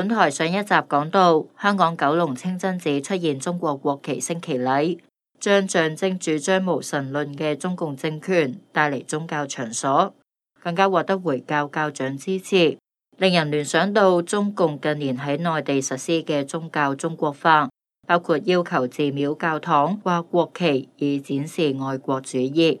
本台上一集講到，香港九龍清真寺出現中國國旗升旗禮，將象徵主張無神論嘅中共政權帶嚟宗教場所，更加獲得回教教長支持，令人聯想到中共近年喺內地實施嘅宗教中國化，包括要求寺廟、教堂掛國旗以展示愛國主義。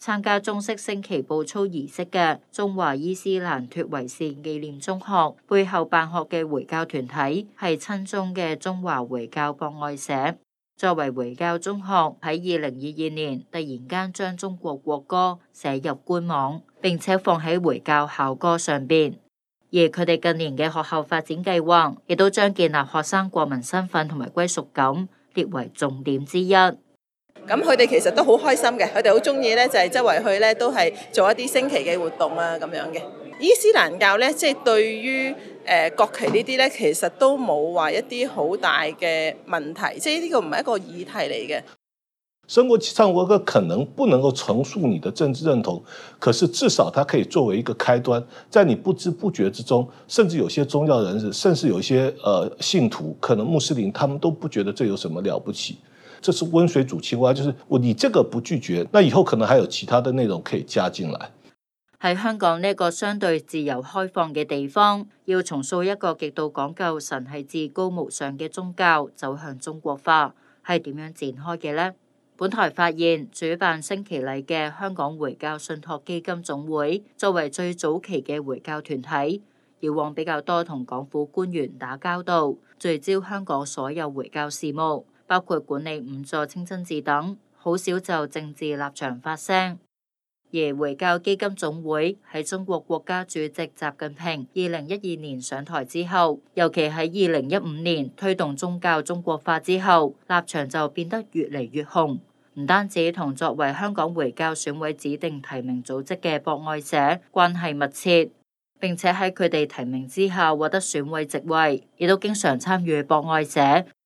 參加中式升旗步操儀式嘅中華伊斯蘭脱維善紀念中學，背後辦學嘅回教團體係親中嘅中華回教博愛社。作為回教中學，喺二零二二年突然間將中國國歌寫入官網，並且放喺回教校歌上邊。而佢哋近年嘅學校發展計劃，亦都將建立學生國民身份同埋歸屬感列為重點之一。咁佢哋其實都好開心嘅，佢哋好中意咧，就係周圍去咧，都係做一啲升旗嘅活動啊，咁樣嘅。伊斯蘭教咧，即、就、係、是、對於誒、呃、國旗呢啲咧，其實都冇話一啲好大嘅問題，即係呢個唔係一個議題嚟嘅。升旗唱國歌可能不能夠重塑你的政治認同，可是至少它可以作為一個開端，在你不知不覺之中，甚至有些宗教人士，甚至有一些誒、呃、信徒，可能穆斯林，他們都不覺得這有什麼了不起。這是溫水煮青蛙，就是我你這個不拒絕，那以後可能還有其他的內容可以加進來。喺香港呢個相對自由開放嘅地方，要重塑一個極度講究神係至高無上嘅宗教，走向中國化，係點樣展開嘅呢？本台發現，主辦升旗禮嘅香港回教信託基金總會，作為最早期嘅回教團體，以往比較多同港府官員打交道，聚焦香港所有回教事務。包括管理五座清真寺等，好少就政治立場發聲。而回教基金總會喺中國國家主席習近平二零一二年上台之後，尤其喺二零一五年推動宗教中國化之後，立場就變得越嚟越紅，唔單止同作為香港回教選委指定提名組織嘅博愛社關係密切，並且喺佢哋提名之下獲得選委席位，亦都經常參與博愛社，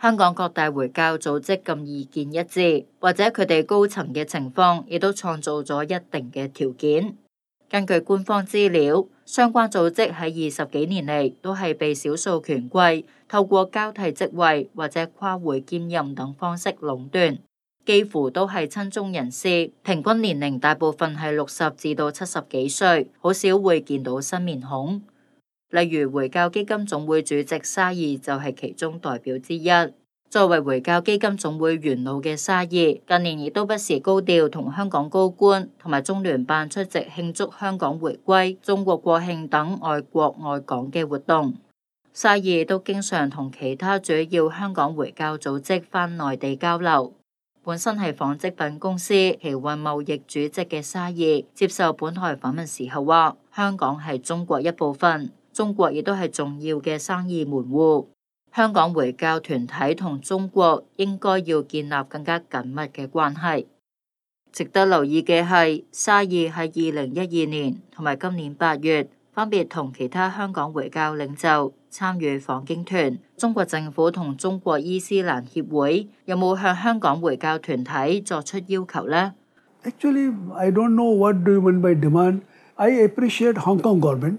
香港各大回教組織咁意見一致，或者佢哋高層嘅情況，亦都創造咗一定嘅條件。根據官方資料，相關組織喺二十幾年嚟都係被少數權貴透過交替職位或者跨回兼任等方式壟斷，幾乎都係親中人士，平均年齡大部分係六十至到七十幾歲，好少會見到新面孔。例如回教基金總會主席沙爾就係其中代表之一。作為回教基金總會元老嘅沙爾，近年亦都不時高調同香港高官同埋中聯辦出席慶祝香港回歸、中國國慶等愛國愛港嘅活動。沙爾都經常同其他主要香港回教組織返內地交流。本身係紡織品公司奇運貿易主席嘅沙爾，接受本台訪問時候話：香港係中國一部分，中國亦都係重要嘅生意門戶。香港回教團體同中國應該要建立更加緊密嘅關係。值得留意嘅係，沙爾喺二零一二年同埋今年八月分別同其他香港回教領袖參與訪京團。中國政府同中國伊斯蘭協會有冇向香港回教團體作出要求呢？Actually, I don't know what do you mean by demand. I appreciate Hong Kong government.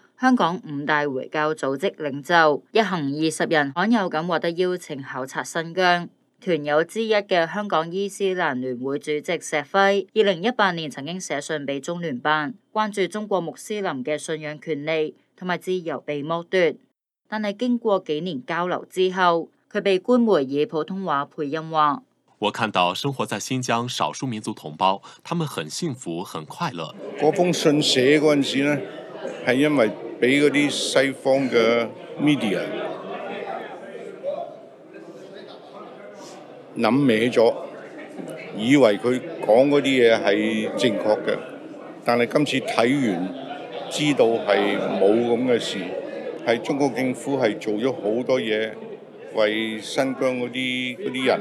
香港五大回教組織領袖一行二十人罕有咁獲得邀請考察新疆。團友之一嘅香港伊斯蘭聯會主席石輝，二零一八年曾經寫信俾中聯辦，關注中國穆斯林嘅信仰權利同埋自由被剝奪。但係經過幾年交流之後，佢被官媒以普通話配音話：「我看到生活在新疆少數民族同胞，他們很幸福，很快樂。」嗰封信寫嗰陣時呢，係因為，俾嗰啲西方嘅 media 諗歪咗，以為佢講嗰啲嘢係正確嘅，但係今次睇完知道係冇咁嘅事，係中國政府係做咗好多嘢為新疆嗰啲嗰啲人，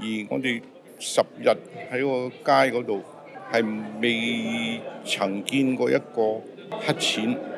而我哋十日喺個街嗰度係未曾見過一個黑錢。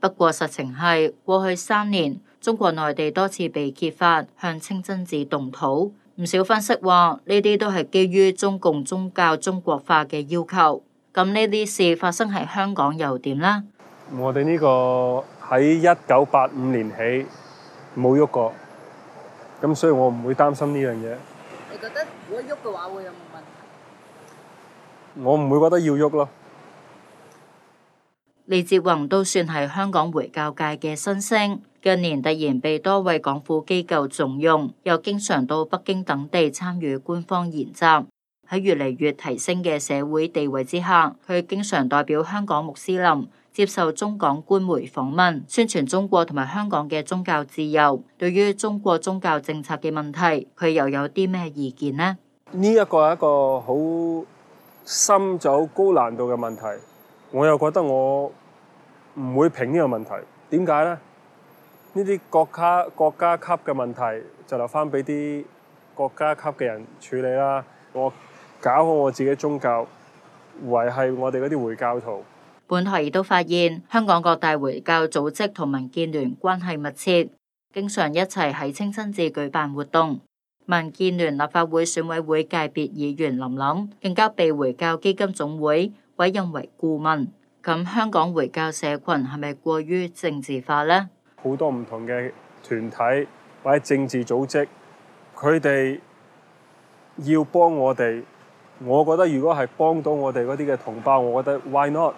不過實情係，過去三年中國內地多次被揭發向清真寺動土，唔少分析話呢啲都係基於中共宗教中國化嘅要求。咁呢啲事發生喺香港又點呢？我哋呢個喺一九八五年起冇喐過，咁所以我唔會擔心呢樣嘢。你覺得如果喐嘅話，會有冇問題？我唔會覺得要喐咯。李哲宏都算係香港回教界嘅新星，近年突然被多位港府機構重用，又經常到北京等地參與官方研習。喺越嚟越提升嘅社會地位之下，佢經常代表香港穆斯林接受中港官媒訪問，宣傳中國同埋香港嘅宗教自由。對於中國宗教政策嘅問題，佢又有啲咩意見呢？呢一個係一個好深、走高難度嘅問題。我又覺得我唔會評呢個問題，點解呢？呢啲國家國家級嘅問題就留翻俾啲國家級嘅人處理啦。我搞好我自己宗教，維係我哋嗰啲回教徒。本台亦都發現，香港各大回教組織同民建聯關係密切，經常一齊喺清真寺舉辦活動。民建聯立法會選委會界別議員林琳，更加被回教基金總會。委任為顧問，咁香港回教社群係咪過於政治化呢？好多唔同嘅團體或者政治組織，佢哋要幫我哋，我覺得如果係幫到我哋嗰啲嘅同胞，我覺得 why not？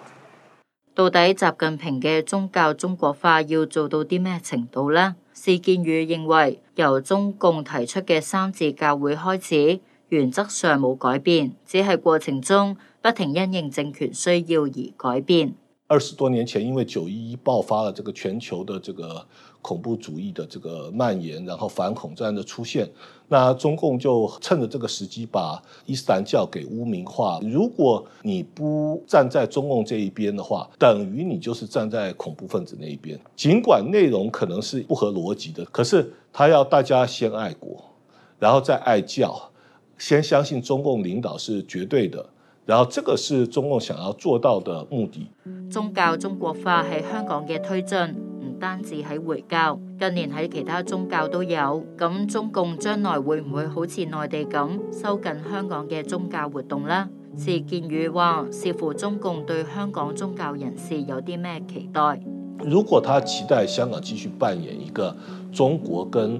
到底習近平嘅宗教中國化要做到啲咩程度呢？史建宇認為，由中共提出嘅三自教會開始，原則上冇改變，只係過程中，不停因應政權需要而改變。二十多年前，因為九一一爆發了，這個全球的這個恐怖主義的這個蔓延，然後反恐戰的出現，那中共就趁着這個時機，把伊斯蘭教給污名化。如果你不站在中共這一邊的話，等於你就是站在恐怖分子那一邊。儘管內容可能是不合邏輯的，可是他要大家先愛國，然後再愛教，先相信中共領導是絕對的。然後，這個是中共想要做到的目的。宗教中國化喺香港嘅推進，唔單止喺回教，近年喺其他宗教都有。咁中共將來會唔會好似內地咁收緊香港嘅宗教活動呢？是建宇話，視乎中共對香港宗教人士有啲咩期待。如果他期待香港繼續扮演一個中國跟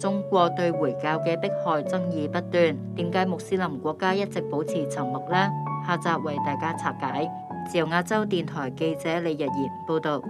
中國對回教嘅迫害爭議不斷，點解穆斯林國家一直保持沉默呢？下集為大家拆解。自由亞洲電台記者李日賢報導。